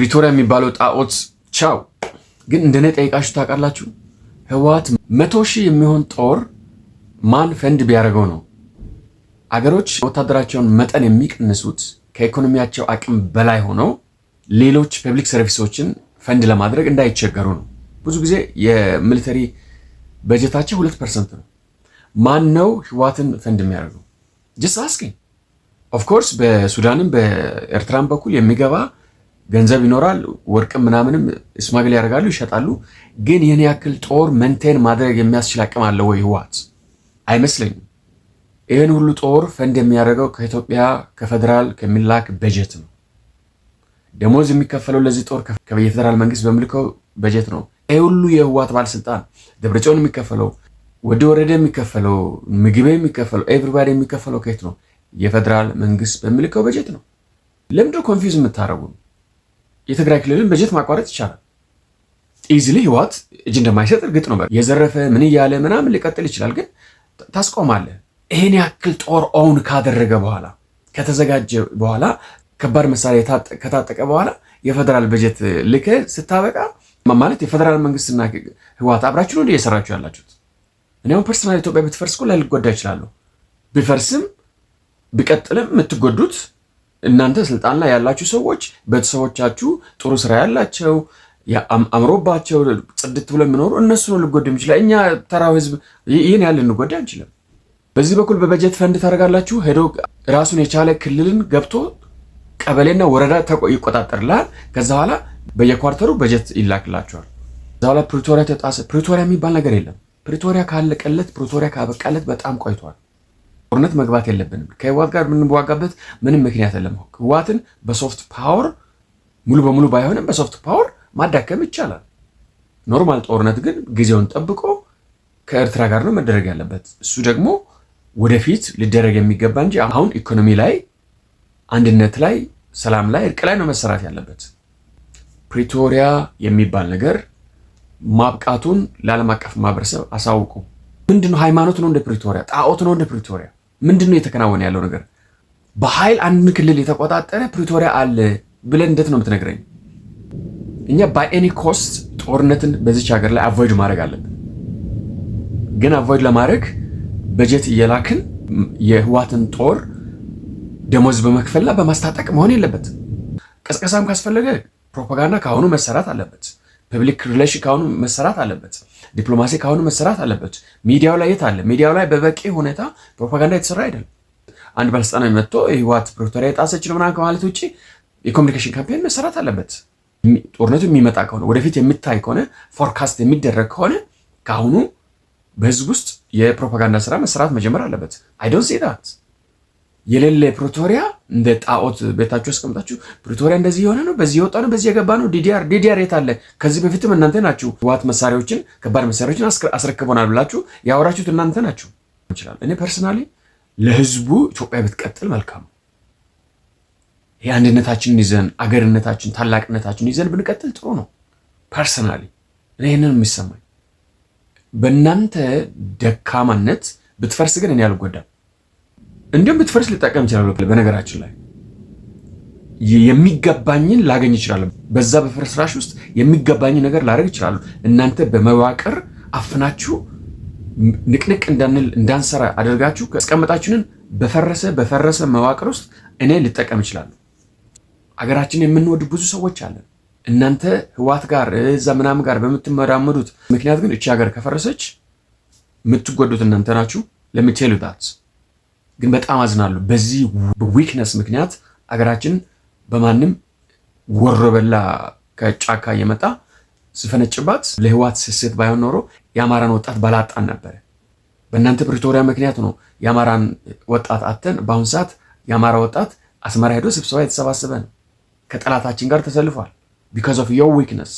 ፕሪቶሪያ የሚባለው ጣዖት ቻው። ግን እንደኔ ጠይቃችሁ ታውቃላችሁ? ህወሓት መቶ ሺህ የሚሆን ጦር ማን ፈንድ ቢያደርገው ነው? አገሮች ወታደራቸውን መጠን የሚቀንሱት ከኢኮኖሚያቸው አቅም በላይ ሆነው ሌሎች ፐብሊክ ሰርቪሶችን ፈንድ ለማድረግ እንዳይቸገሩ ነው። ብዙ ጊዜ የሚሊተሪ በጀታቸው ሁለት ፐርሰንት ነው። ማን ነው ህወሓትን ፈንድ የሚያደርገው? ጅስ አስኪኝ ኦፍኮርስ በሱዳንም በኤርትራም በኩል የሚገባ ገንዘብ ይኖራል፣ ወርቅም ምናምንም ስማግል ያደርጋሉ፣ ይሸጣሉ። ግን ይህን ያክል ጦር መንቴን ማድረግ የሚያስችል አቅም አለ ወይ ህወሓት? አይመስለኝም። ይህን ሁሉ ጦር ፈንድ የሚያደርገው ከኢትዮጵያ ከፌዴራል ከሚላክ በጀት ነው። ደሞዝ የሚከፈለው ለዚህ ጦር የፌደራል መንግስት በሚልከው በጀት ነው። ይህ ሁሉ የህወሓት ባለስልጣን ደብረጽዮን የሚከፈለው ወደ ወረደ የሚከፈለው ምግቤ የሚከፈለው ኤቭሪባዲ የሚከፈለው ከየት ነው? የፌደራል መንግስት በሚልከው በጀት ነው። ለምንድነው ኮንፊውዝ የምታደርጉ? የትግራይ ክልልን በጀት ማቋረጥ ይቻላል። ኢዚሊ ህወሓት እጅ እንደማይሰጥ እርግጥ ነው። የዘረፈ ምን እያለ ምናምን ሊቀጥል ይችላል፣ ግን ታስቆማለህ። ይህን ያክል ጦር ኦውን ካደረገ በኋላ ከተዘጋጀ በኋላ ከባድ መሳሪያ ከታጠቀ በኋላ የፌደራል በጀት ልከ ስታበቃ ማለት የፌደራል መንግስትና ህወሓት አብራችሁ ነው እየሰራችሁ ያላችሁት። እኔም ፐርሰናል ኢትዮጵያ ብትፈርስ እኮ ልጎዳ ይችላለሁ። ቢፈርስም ቢቀጥልም የምትጎዱት እናንተ ስልጣን ላይ ያላችሁ ሰዎች ቤተሰቦቻችሁ ጥሩ ስራ ያላቸው አምሮባቸው ጽድት ብሎ የሚኖሩ እነሱ ነው ልጎዳ የሚችለው። እኛ ተራው ህዝብ ይህን ያህል ልንጎዳ አንችልም። በዚህ በኩል በበጀት ፈንድ ታደርጋላችሁ። ሄዶ ራሱን የቻለ ክልልን ገብቶ ቀበሌና ወረዳ ይቆጣጠርላል። ከዛ በኋላ በየኳርተሩ በጀት ይላክላቸዋል። እዛ በኋላ ፕሪቶሪያ ተጣሰ። ፕሪቶሪያ የሚባል ነገር የለም። ፕሪቶሪያ ካለቀለት ፕሪቶሪያ ካበቃለት በጣም ቆይቷል። ጦርነት መግባት የለብንም። ከህወሓት ጋር የምንዋጋበት ምንም ምክንያት የለም። ህወሓትን በሶፍት ፓወር ሙሉ በሙሉ ባይሆንም በሶፍት ፓወር ማዳከም ይቻላል። ኖርማል ጦርነት ግን ጊዜውን ጠብቆ ከኤርትራ ጋር ነው መደረግ ያለበት። እሱ ደግሞ ወደፊት ሊደረግ የሚገባ እንጂ አሁን ኢኮኖሚ ላይ፣ አንድነት ላይ፣ ሰላም ላይ፣ እርቅ ላይ ነው መሰራት ያለበት። ፕሪቶሪያ የሚባል ነገር ማብቃቱን ለዓለም አቀፍ ማህበረሰብ አሳውቁ። ምንድነው? ሃይማኖት ነው እንደ ፕሪቶሪያ? ጣዖት ነው እንደ ፕሪቶሪያ? ምንድን ነው የተከናወነ ያለው ነገር? በኃይል አንድ ክልል የተቆጣጠረ ፕሪቶሪያ አለ ብለን እንዴት ነው የምትነግረኝ? እኛ ባይ ኤኒ ኮስት ጦርነትን በዚች ሀገር ላይ አቮይድ ማድረግ አለብን። ግን አቮይድ ለማድረግ በጀት እየላክን የህዋትን ጦር ደሞዝ በመክፈልና በማስታጠቅ መሆን የለበት። ቀስቀሳም ካስፈለገ ፕሮፓጋንዳ ከአሁኑ መሰራት አለበት። ፐብሊክ ሪሌሽን ካሁኑ መሰራት አለበት። ዲፕሎማሲ ካሁኑ መሰራት አለበት። ሚዲያው ላይ የት አለ? ሚዲያው ላይ በበቂ ሁኔታ ፕሮፓጋንዳ የተሰራ አይደለም። አንድ ባለስልጣን መጥቶ ህወሓት ፕሪቶሪያ የጣሰች ነው ምናምን ከማለት ውጭ የኮሚኒኬሽን ካምፔን መሰራት አለበት። ጦርነቱ የሚመጣ ከሆነ ወደፊት የሚታይ ከሆነ ፎርካስት የሚደረግ ከሆነ ከአሁኑ በህዝብ ውስጥ የፕሮፓጋንዳ ስራ መሰራት መጀመር አለበት። አይ ዶንት ሲ ዳት የሌለ ፕሪቶሪያ እንደ ጣዖት ቤታችሁ ያስቀምጣችሁ ፕሪቶሪያ እንደዚህ የሆነ ነው፣ በዚህ የወጣ ነው፣ በዚህ የገባ ነው። ዲዲአር ዲዲአር የት አለ? ከዚህ በፊትም እናንተ ናችሁ ህወሓት መሳሪያዎችን ከባድ መሳሪያዎችን አስረክቦናል ብላችሁ ያወራችሁት እናንተ ናችሁ። ይችላል እኔ ፐርሰናሊ ለህዝቡ ኢትዮጵያ ብትቀጥል መልካም ነው። የአንድነታችንን ይዘን አገርነታችን ታላቅነታችን ይዘን ብንቀጥል ጥሩ ነው። ፐርሰናሊ እኔ ይህንን የሚሰማኝ በእናንተ ደካማነት ብትፈርስ ግን እኔ አልጎዳም። እንዲሁም ብትፈርስ ልጠቀም እችላለሁ። በነገራችን ላይ የሚገባኝን ላገኝ እችላለሁ። በዛ በፍርስራሽ ውስጥ የሚገባኝን ነገር ላደርግ ይችላሉ። እናንተ በመዋቅር አፍናችሁ ንቅንቅ እንዳንል እንዳንሰራ አድርጋችሁ ያስቀመጣችሁንን በፈረሰ በፈረሰ መዋቅር ውስጥ እኔ ልጠቀም ይችላሉ? አገራችን የምንወድ ብዙ ሰዎች አለን። እናንተ ህዋት ጋር እዛ ምናምን ጋር በምትመራመዱት ምክንያት ግን እቺ ሀገር ከፈረሰች የምትጎዱት እናንተ ናችሁ። ለምትሄሉታት ግን በጣም አዝናለሁ። በዚህ ዊክነስ ምክንያት አገራችን በማንም ወሮበላ ከጫካ እየመጣ ስፈነጭባት ለህዋት ስስት ባይሆን ኖሮ የአማራን ወጣት ባላጣን ነበረ። በእናንተ ፕሪቶሪያ ምክንያት ነው የአማራን ወጣት አተን። በአሁን ሰዓት የአማራ ወጣት አስመራ ሄዶ ስብሰባ የተሰባሰበ ነው። ከጠላታችን ጋር ተሰልፏል። ቢካዝ ኦፍ ዮር ዊክነስ